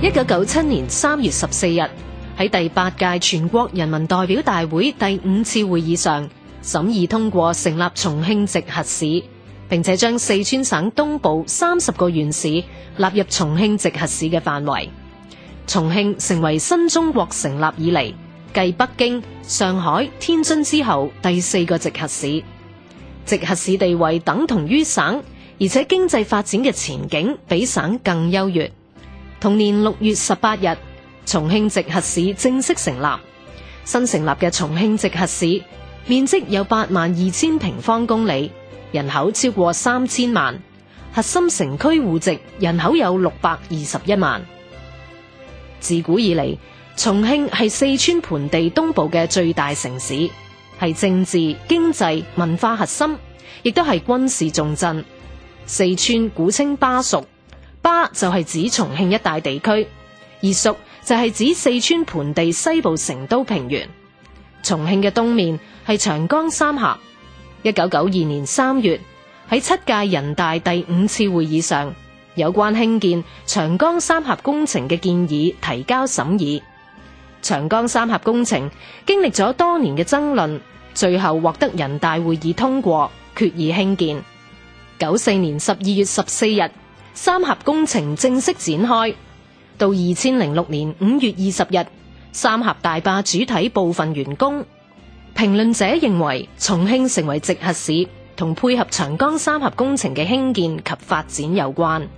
一九九七年三月十四日，喺第八屆全國人民代表大會第五次會議上，審議通過成立重慶直轄市，並且將四川省東部三十個縣市納入重慶直轄市嘅範圍。重慶成為新中國成立以嚟繼北京、上海、天津之後第四個直轄市。直轄市地位等同於省，而且經濟發展嘅前景比省更優越。同年六月十八日，重慶直轄市正式成立。新成立嘅重慶直轄市面積有八萬二千平方公里，人口超過三千萬。核心城區戶籍人口有六百二十一萬。自古以嚟，重慶係四川盆地東部嘅最大城市，係政治、經濟、文化核心，亦都係軍事重鎮。四川古稱巴蜀。巴就係指重慶一帶地區，而蜀就係指四川盆地西部成都平原。重慶嘅東面係長江三峽。一九九二年三月，喺七屆人大第五次會議上，有關興建長江三峽工程嘅建議提交審議。長江三峽工程經歷咗多年嘅爭論，最後獲得人大會議通過，決議興建。九四年十二月十四日，三峽工程正式展開，到二千零六年五月二十日，三峽大壩主體部分完工。評論者認為，重慶成為直轄市，同配合長江三峽工程嘅興建及發展有關。